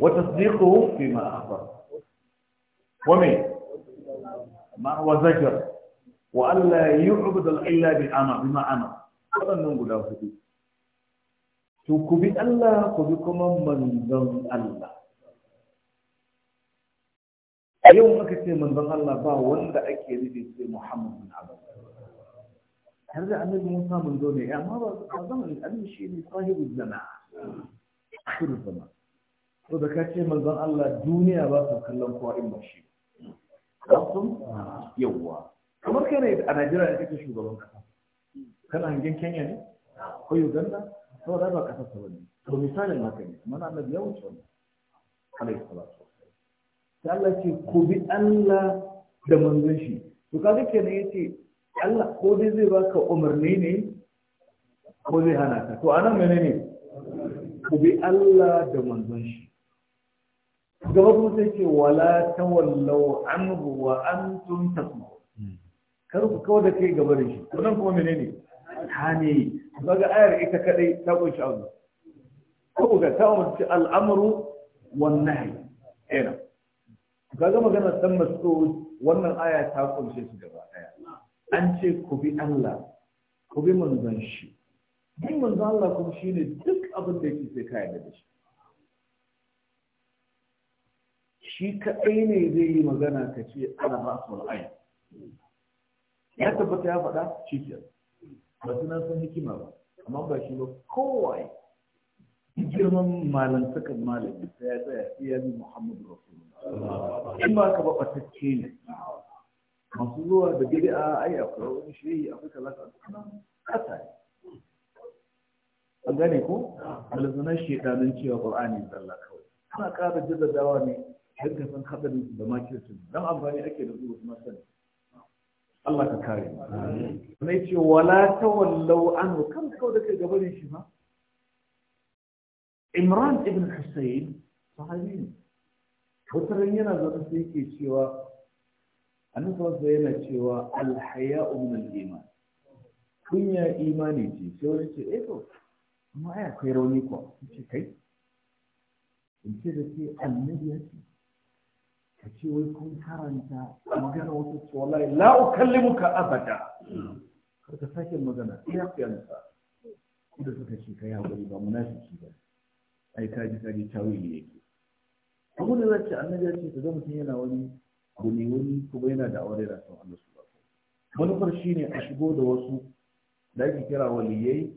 wa tasdiquhu fi ma akhbar wa me ma wa zakar wa alla yu'budu illa bi amr bima amr waɗannan guda hudu to ku bi Allah ku bi kuma manzon Allah yau aka ce manzon Allah ba wanda ake nufi sai Muhammad bin Abdullah har da annabi Musa manzo ne amma ba a zamanin annabi shi ne sahibu zama akhir zama to da ka ce manzon Allah duniya ba ta kallon kowa in ba shi kun yawwa kamar kai ne a Najeriya da kake shugaban kasa kana hangen Kenya ne ko Uganda to da ba kasa ta bane to misalin haka ne mana annabi ya wuce wannan alaihi salatu sai Allah ce ku bi Allah da manzon shi to kaga kenan yace Allah ko dai zai baka umarni ne ko zai hana ka to anan menene ku bi Allah da manzon shi gaba kuma sai ce wala tawallau anhu wa antum tasma'un kar ku kawo da kai gaba da shi to nan kuma menene hane kaga ayar ita kadai ta kunshi abu ko ga ta umarci al'amru wan nahy ina kaga magana san mas'ud wannan aya ta kunshe su gaba daya an ce ku bi Allah ku bi manzon shi Bi manzon Allah kuma shine duk abin da yake sai kai da shi shi kaɗai ne zai yi magana ka ce ana ba su ya tabbata ya faɗa shi ke ba su nan san hikima ba amma ba shi ba kowaye girman malantakan malami sai ya tsaya sai ya bi muhammadu rasulullah in ba ka ba batacce ne masu zuwa da bid'a ai akwai wani shehi a kaza kaza kasa ne a gane ko alzunan shekarun cewa qur'ani zalla kawai ana ƙara dawa ne don ka san hadarin su da makircin don amfani ake da zuwa kuma sani Allah ka kare mu ne ce wala tawallau anhu kan kawai da kai gabanin shi ba Imran ibn Hussein sahabi ne wata ran yana zaune sai yake cewa annabawa yana cewa alhaya min iman kunya imani ce sai wani ce eh to amma ai akwai rauni ko ce kai in ce da ke annabi ya ce ka ce wai kun karanta magana wata ce wallahi la ukallimuka abada ka sake magana iya fiyansa da suka ce kai hakuri ba munafiki ba ai kaji kaji tawili yake abu da zai ce annabi ya ce ga mutum yana wani ne wani kuma yana da aure da son Allah subhanahu manufar shine a shigo da wasu da ake kira waliyai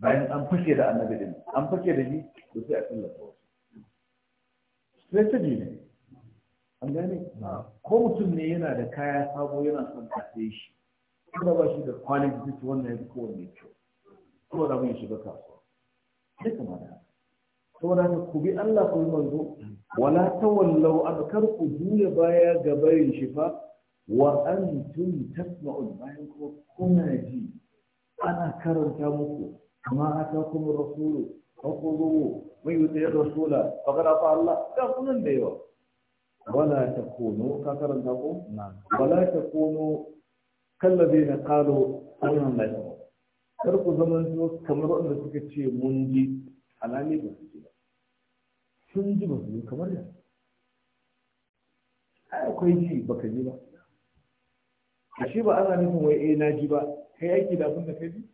bayan an fashe da annabi din an fashe da shi to sai a tallata wasu strategy ne an gane ko mutum ne yana da kaya sabo yana son ka sai shi kuma ba shi da kwalin wannan ya fi kowanne kyau ko da mun shiga kasuwa sai kuma da haka saboda haka ku bi Allah ku yi manzo wala tawallau an kar ku juya baya ga barin shi fa wa antum tasma'un bayan kuma kuna ji ana karanta muku amma aka kuma rasulu faqudu mai yuti rasula faqad ata Allah da kunan da yawa wala takunu ka karanta ko wala takunu kallabina qalu amanna kar ku zaman kamar wanda suka ce mun ji alhali ba su ji ba sun ji ba su yi kamar da ai akwai ji ba ka ji ba a shi ba ana nufin wai eh na ji ba kai aiki da abin da kai ji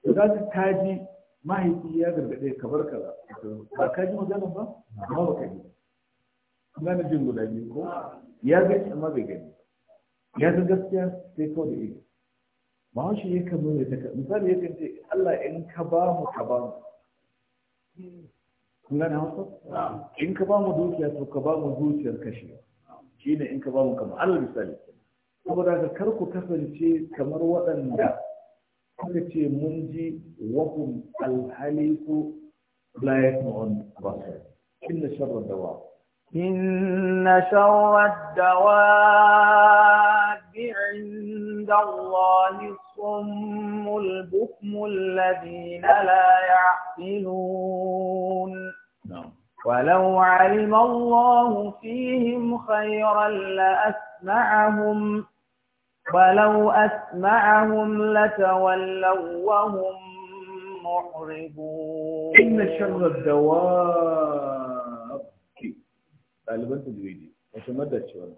to za ka ka ji mahaifi ya gargaɗe ka bar kaza ba ka ji maganar ba amma ba ka ji na jin guda biyu ko ya gani amma bai gani ya ga gaskiya sai kawai da ido ba shi ya kan nuna ta misali ya kan ce Allah in ka ba mu ka ba mu kun gane hausa in ka ba mu dukiya to ka ba mu zuciyar kashewa shine in ka ba mu kamar alal misali saboda ka kar ku kasance kamar waɗanda kuka ce mun ji wahum alhaliku la yasma'un basar inna sharra dawa inna sharra dawa عند الله الصم البكم الذين لا يعقلون نعم ولو علم الله فيهم خيرا لأسمعهم ولو أسمعهم لتولوا وهم معرضون إن شر الدواب طالبان تدويدي وشمدت شوانا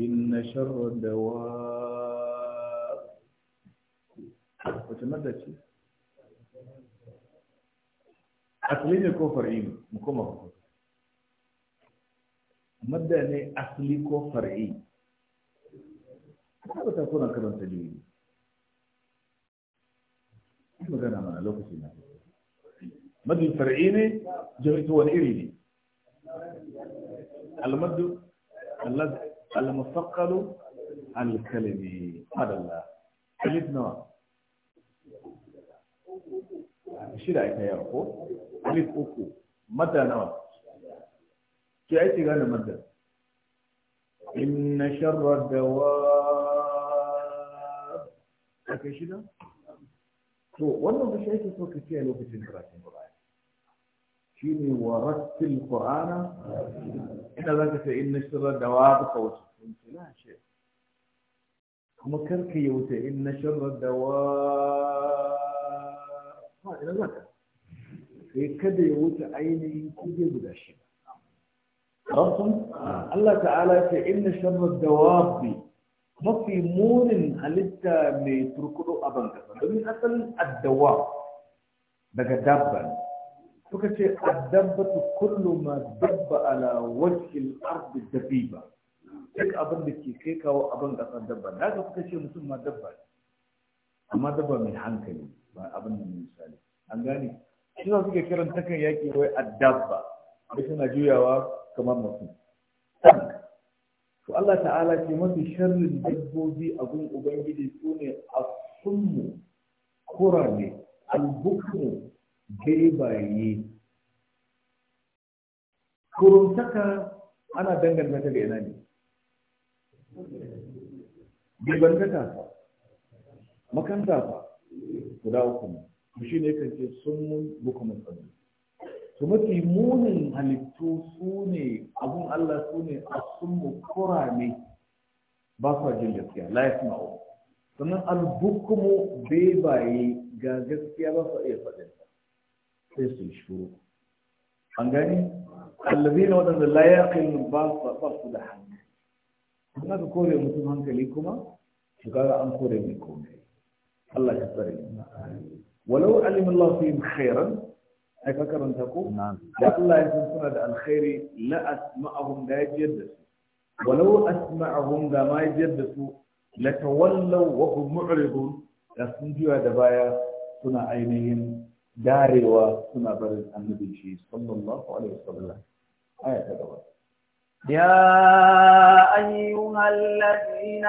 إن شر الدواب wace madda ce asali ne ko far'i ne mu koma ku madda ne asali ko far'i ka ba ta kuna karanta jini magana mana lokaci na madda far'i ne jami'ta wani iri ne المد المثقل الكلمي هذا الله nawa? shida ita yawa ko alif uku madda nawa ke ake gane madda inna sharra dawa ake shida to wannan da shi ake so ka ce lokacin karatun qur'ani shine wa rattil qur'ana ina zaka ce inna sharra dawa ka wuce la shi kuma karka yauta inna sharra dawa ina ka sai kada ya wuce ainihin kuje guda shida Allah ta'ala ce inna sharrar dawabi mafi munin halitta mai turkudo a bankasa domin asalin addawa daga dabba. suka ce addabbatu kullu ma dabba ala wajhil ardi dabiba duk abin da ke kai kawo abin dabba da haka suka ce mutum ma dabba amma dabba mai hankali ba abin da misali an gane shi suke kiran takan yaƙi wai addabba da suna juyawa kamar mutum to Allah ta'ala ce mafi sharrin dabbobi a gun ubangiji su ne a sunmu kurame albukmu bebaye kurumtaka ana danganta ta ga ina ne bebantaka makanta fa guda uku to shi ne kan ce sun mun bukumin tsaro to mafi munin halittu su ne abun Allah su ne a sun mu kurame ba sa jin gaskiya la ya sannan albukumu bebaye ga gaskiya ba sa iya faɗinta sai su yi shuru an gani allazina waɗanda la yaqilun ba su ba su da hankali kuma ka kore mutum hankali kuma to kaga an kore mai komai Allah ya tsare mu walau alim Allah fi khairan ai ka ko da Allah ya san suna da alkhairi la asma'ahum da yajid da su walau asma'ahum da ma yajid da su la tawallaw wa hum mu'ridun da sun jiwa da baya suna ainihin darewa suna barin annabi shi sallallahu alaihi wasallam aya ta gaba يا أيها الذين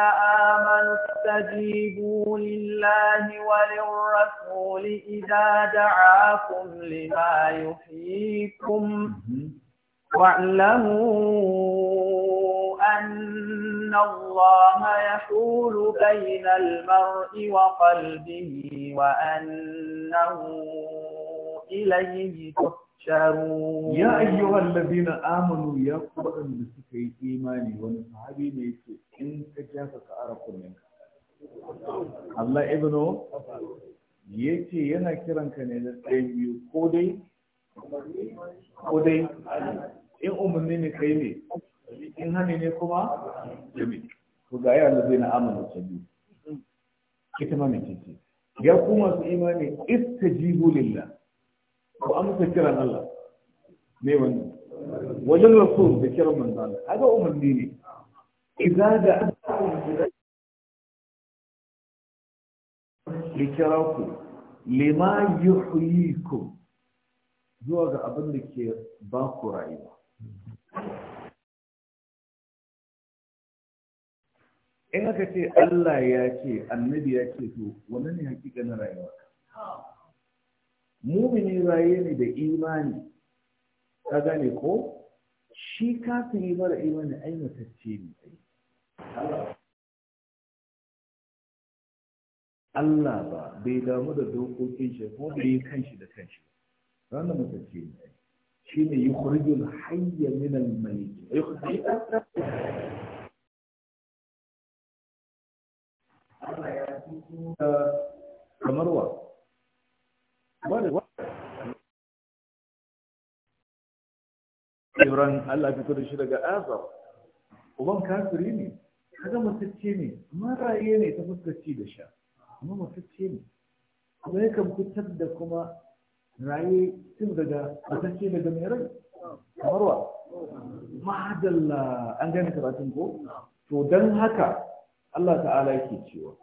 آمنوا استجيبوا لله وللرسول إذا دعاكم لما يحييكم واعلموا أن الله يحول بين المرء وقلبه وأنه إليه تحشرون sharu ya ayyuhal ladina amanu ya ku da suka yi imani wani sahabi ne yake in ka ja ka ara kunninka Allah ibnu yace yana kiranka ne da ɗayan biyu ko dai ko dai in umarni ne kai ne in hannu ne kuma jami ku ga yi allazai na amana ta biyu ita ma mai ya kuma su imani jibu lillah ko amsa kiran Allah ne wannan wajen rasul da kiran manzo Allah kaga umarni ne idan da ya kira ku lima yuhyiku zuwa ga abin da ke ba ku rayuwa in aka ce Allah ya ce annabi ya ce to wannan ne hakika na rayuwa mumini raye ne da imani ka gane ko shi yi mara imani ai matacce ne Allah ba bai damu da dokokin shi ko da yi kanshi da kanshi ranar mutacce ne shi ne yi kurgin hayya min al kamar wa What Ibrahim Allah fito da shi daga Azar. Uban kafiri ne, kaga matacce ne, maraye ne ta fuskaci da sha, amma matacce ne. Kuma yakan fitar da kuma raye tun daga matacce daga mai rai. Kamar wa? Mahadalla an gane karatun ko? To don haka Allah ta'ala yake cewa.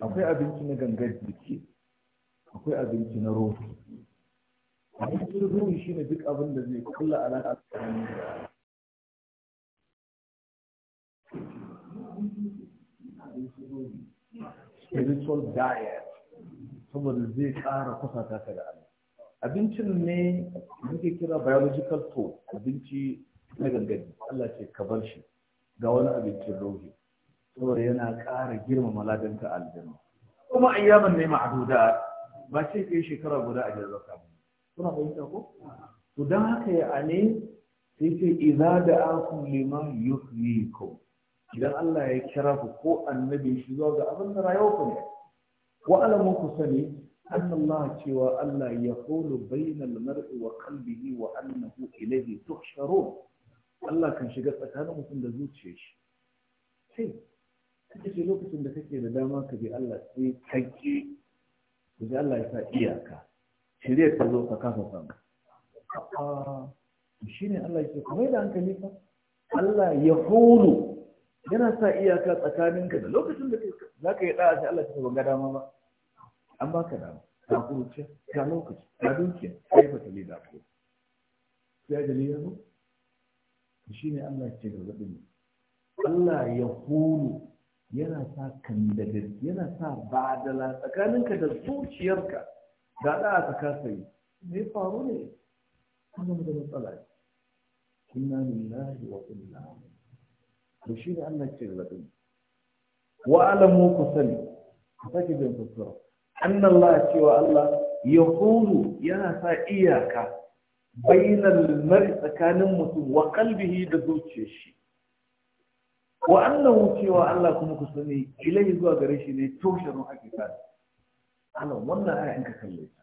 akwai abinci na gangar jiki akwai abinci na rohi abincin ruhi shi ne duk abin da zai kulla nan tsakanin da spiritual diet saboda zai ƙara ta ka da Allah abincin ne muke kira biological food abinci na gangan Allah ce ka bar shi ga wani abincin ruhi saboda yana ƙara girmama ladanta aljanu kuma ayyaban ne ma'aduda ba ce kai shekara guda a jirgin ka kuna fahimta ko to dan haka ya ane sai ce idza da'aku liman yuhyiku idan Allah ya kira ku ko annabi shi zuwa ga abin da rayuwa ku ne wa sani anna Allah cewa Allah ya kulu bainal mar'i wa qalbihi wa annahu duk sharo. Allah kan shiga tsakanin mutum da zuciyar shi ita ce lokacin da kake da dama ka bi Allah sai kake ka ji Allah ya sa iyaka shirye ta zo ka kafa samu shi ne Allah ya ce kuma da hankali fa Allah ya hulu yana sa iyaka ka da lokacin da za ka yi da'a sai Allah ya ba ga dama ba an baka dama ta kuruce ta lokaci ta dukiya sai ba ta lida ko sai da lida ko shi ne Allah ya ce gargaɗi Allah ya hulu yana sa kandagar yana sa badala tsakaninka da zuciyarka da da a tsaka sai mai faru ne kuma da matsala inna lillahi wa inna to shi ne Allah ce ladin wa alamu ku sani sake bin fassara annallahi cewa Allah yaqulu yana sa iyaka bainal mar'i tsakanin mutum wa qalbihi da zuciyar shi wa annahu cewa Allah kuma ku sani ilai zuwa gare shi ne toshe ruh hakika ana wannan aya in ka kalle ta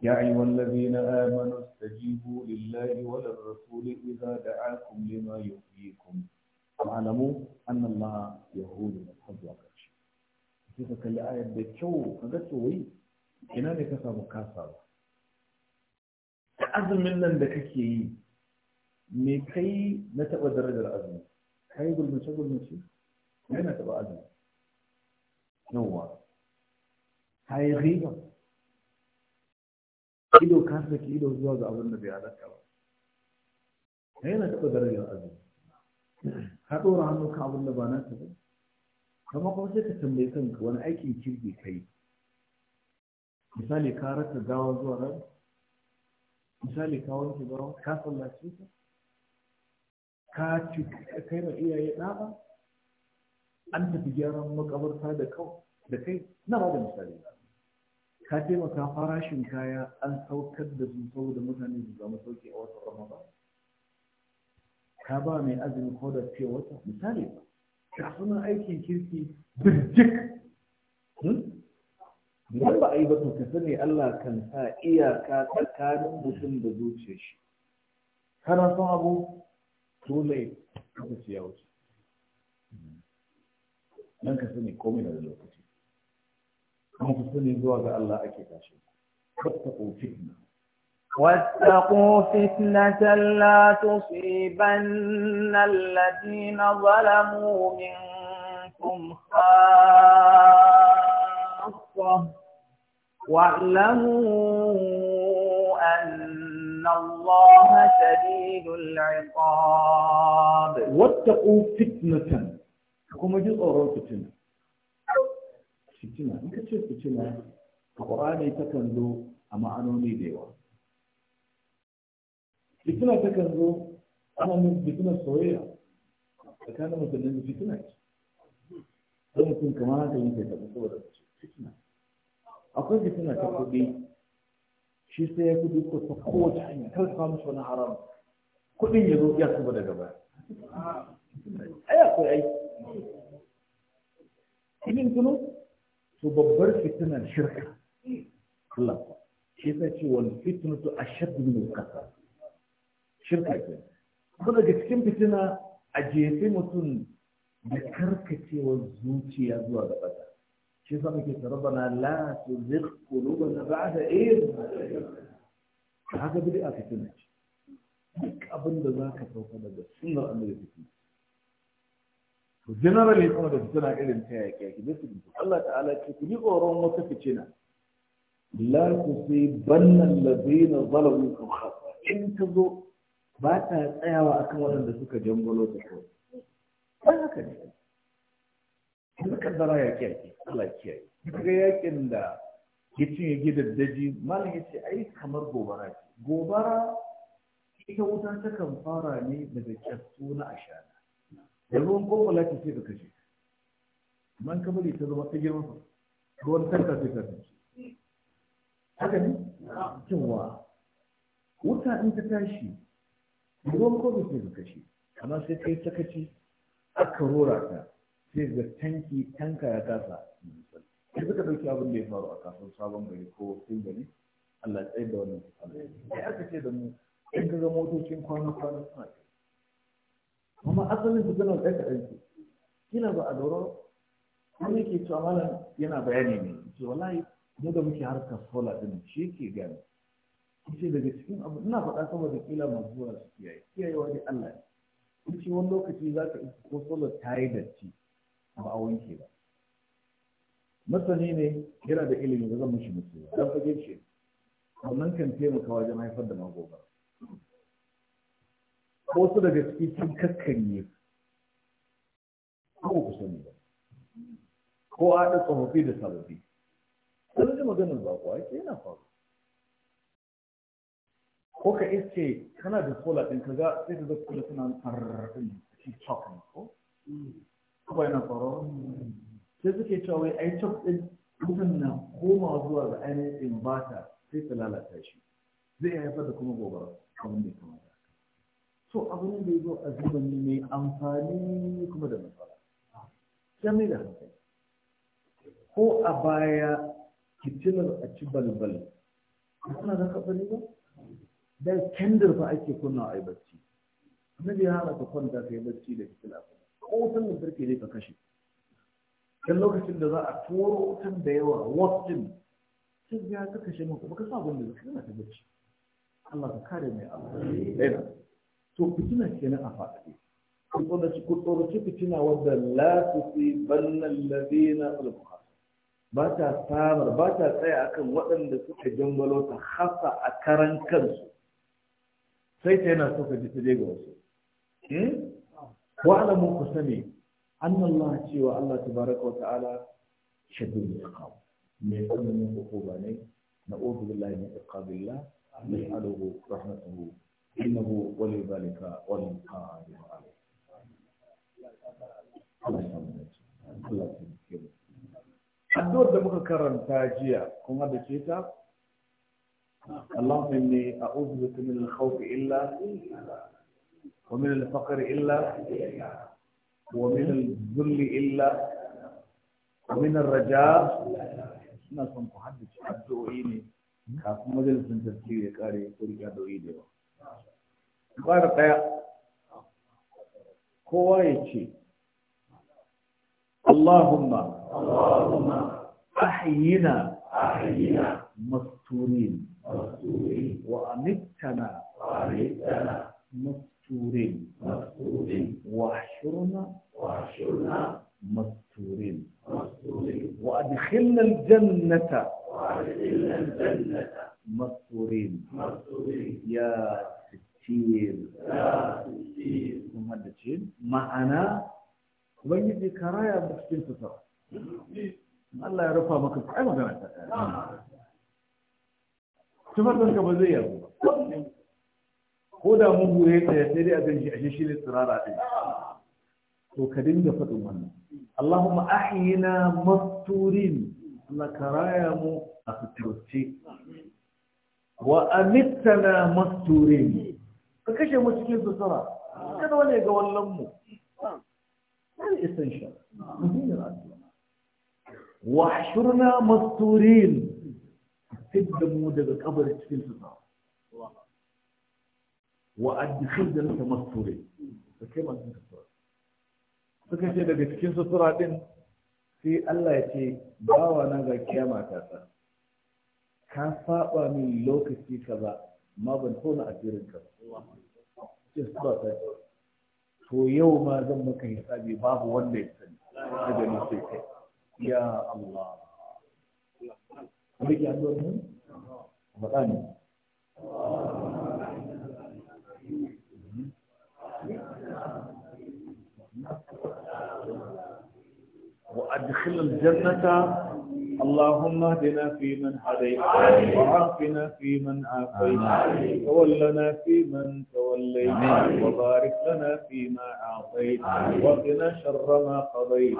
ya ayyuhal ladina amanu istajibu lillahi wa lirrasul idza da'akum lima yuhyikum wa'lamu anna Allah yahulu al-fadla kashi sai ka kalli ayar da kyau kaga tsoyi ina ne ka samu Ta azumin nan da kake yi me kai na taɓa darajar azumi ka yi gulmace gulmace yana taɓa azumi yawwa ka yi riba ido ka saki ido zuwa ga abin da bai halatta ba yana taɓa darajar azumi ka ɗora hannu ka abin da ba na taɓa kama kuma sai ka tambayi kanka wani aikin kirki ka yi misali ka rasa gawa zuwa ran misali ka wanke gawa ka sallace ka ka kai ma iyaye ɗa an tafi gyaran makabarta da kau da kai na ba da misali ka taimaka farashin kaya an saukar da su saboda mutane su zama sauki a watan ramadan ka ba mai azumi ko da ce wata misali ka suna aikin kirki birjik idan ba a yi ba to ka sani Allah kan sa iyaka tsakanin mutum da zuciyar shi kana son abu too late ya wuce nan ka sani komai da lokaci kuma ku sani zuwa ga Allah ake tashi fitna واتقوا فتنة لا تصيبن الذين ظلموا منكم خاصة واعلموا إن الله شديد العقاب واتقوا فتنة كما جزء أورو فتنة فتنة إنك تشوف فتنة القرآن يتكلم أما أنوني ديوان fitina takan zo ana min fitinar soyayya tsakanin musulmi fitina ce don mutum kamar haka yin kai taɓa akwai ta kuɗi shi sai ya gudu ko ta kowace hanya kar ka musu wani haram kuɗin ya zo ya tuba daga baya Aya akwai ai idan tuno to babbar fitinan shirka Allah shi sai ce wal fitnatu ashad min kasa. shirka ce ko daga cikin fitina a jefe mutum da karkacewar zuciya zuwa ga ƙasa في صفحة كده ربنا لا تزغ قلوبنا بعد إذ هكذا بدي أكتنا بك أبن بذاك فوق بدا سنة أمري فتنا وزينا بلي يقوم بدا فتنا كلم كاك الله تعالى كتني قرون متفتنا لا تصيبن الذين ظلموا منكم خطا انتظروا ba ta tsayawa akan waɗanda suka jangolo da kai ba haka ne yanzu kaddara yaƙi yaƙi Allah kiyaye kaga yakin da ya cinye gidan daji malam ya ce ai kamar gobara ce gobara ita wuta takan fara ne daga kyasto na ashana da ruwan gobala ce sai ka kashe man ka bari ta zama ta girma fa ruwan tarka sai ka kashe haka ne cewa wuta in ta tashi ruwan gobala sai ka kashe amma sai kai sakaci aka rora ta sai ga tanki tanka ya kasa sai suka ɗauki abin da ya faru a kasuwar sabon gari ko sun gari Allah tsaye da wannan sai aka ce da mu in ka ga motocin kwana kwana suna ce amma asalin su suna tsaye kaɗan ce kina ba a doro wani yake cewa malam yana bayani ne ce wallahi mu da muke harkar fola din shi yake gani ce daga cikin abu ina faɗa saboda kila masu zuwa su kiyaye kiyayewa dai Allah ne ce wani lokaci za ka ko solar ta yi datti ba a wanke ba masani ne yana da ilimi ba zan mishi musu ba dan fage ce wannan kan taimaka wajen haifar da magoga ko su daga cikin kakkanye ko ku sani ba ko a da tsofaffi da sababbi sun ji maganar kuwa ya yana faru ko ka iske kana da sola ɗin ka ga sai da ga kula suna tarrafin cikin cakon ko kuma na faruwa sai suke cewa wai ai cok ɗin mutum na komawa zuwa ga ainihin inverter sai ta lalata shi zai haifar da kuma gobara abin da ya kamata so abin da ya zo a zamani mai amfani kuma da matsala sai mai da hankali ko a baya fitilar a ci balbal kuna da kafari ba da kendir fa ake kunna a yi bacci na ya hana ka kwanta ka yi bacci da fitila ko wutan lantarki ne ka kashe kan lokacin da za a turo wutan da yawa wasu sun ya ka kashe ba ka sa abin da zaka ta barci Allah ka kare mai Allah to fitina kenan a faɗaɗe ku tsoraci ku tsoraci fitina wadda la tusibanna na ulqu ba ta samar ba ta tsaya akan waɗanda suka jangalo ta hasa a karan kansu sai ta yana so ka ji ta je ga wasu hmm? wa alamu ku sani anna cewa Allah tabaraka wa ta'ala shadidul iqab mai tsananin ko bane na ubu billahi min iqabillah nas'aluhu rahmatahu innahu wali zalika wal qadir alayh addu'ar da muka karanta jiya kuma da ce ta اللهم إني أعوذ بك من الخوف illa. ومن الفقر إلا ومن الذل إلا ومن الرجاء نسم محدث عبد ويني كاف مجل سنتسي يكاري كوريكا دويني قال قيا كوايتي اللهم أحينا مستورين وأمتنا مستورين مستورين مستورين وحشرنا وحشرنا مستورين مستورين وأدخلنا الجنة وأدخلنا الجنة مستورين مستورين يا ستير يا ستير ثم هذا الشيء معنا كرايا بسكين ستر الله يرفع مكتب أي مكان magana ta. Tumatanka ko da mun hure ta ya sai dai abin shi, ashe shi ne tsirara ɗin to ka dinga faɗin wannan Allahumma ahyina masturin Allah karaya mu a suturce wa amittana masturin ka kashe mu cikin sutura kada wani ya ga wallan mu har isan sha wa hashurna masturin fidda mu daga kabarin cikin sutura wa da nuka masturai da kai masu sutura suka ce daga cikin sutura din sai Allah ya ce bawa na ga kiyama ta ta ka saba min lokaci kaza ma ban tona asirin ka sutura ta to yau ma zan maka hisabi babu wanda ya sani daga gani sai kai ya Allah Allah. Allah. Allah. Allah. ne. وأدخل الجنة اللهم اهدنا فيمن هديت وعافنا فيمن عافيت تولنا فيمن توليت وبارك لنا فيما اعطيت وقنا شر ما قضيت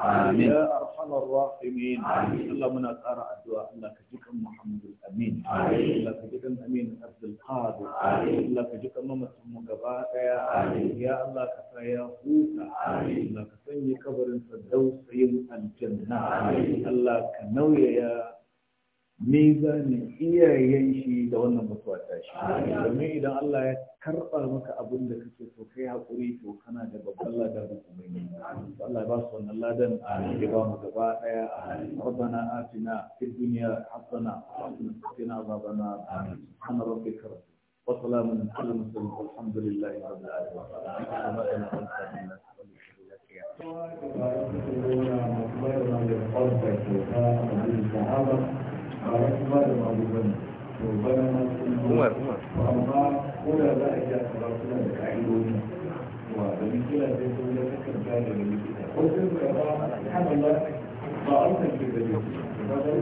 يا ارحم الراحمين اللهم نسأل الدعاء لك جكم محمد الامين لك جكم امين عبد القادر لك جكم ممتن مقبات يا الله كفى يا فوتا لك سني كبر الفردوس الجنه الله كنوي ni mizanin iyayen shi da wannan mutuwa shi domin idan Allah ya karɓa maka abin da kake so kai haƙuri to kana da babban ladan hukumai Allah ya ba su wannan ladan a ya ba mu gaba ɗaya rabbana atina fid dunya hasana wa qina azabana subhana rabbika wa salamun ala mursalin walhamdulillahi rabbil alamin Thank you. sahaba ba ya ba da babu bane to bana ma sun umar amma ko da za a iya tsara suna da ka'idodi wa da mikila zai zo ga takarda da mikila ko sun ka ba hana ba ba a da ke da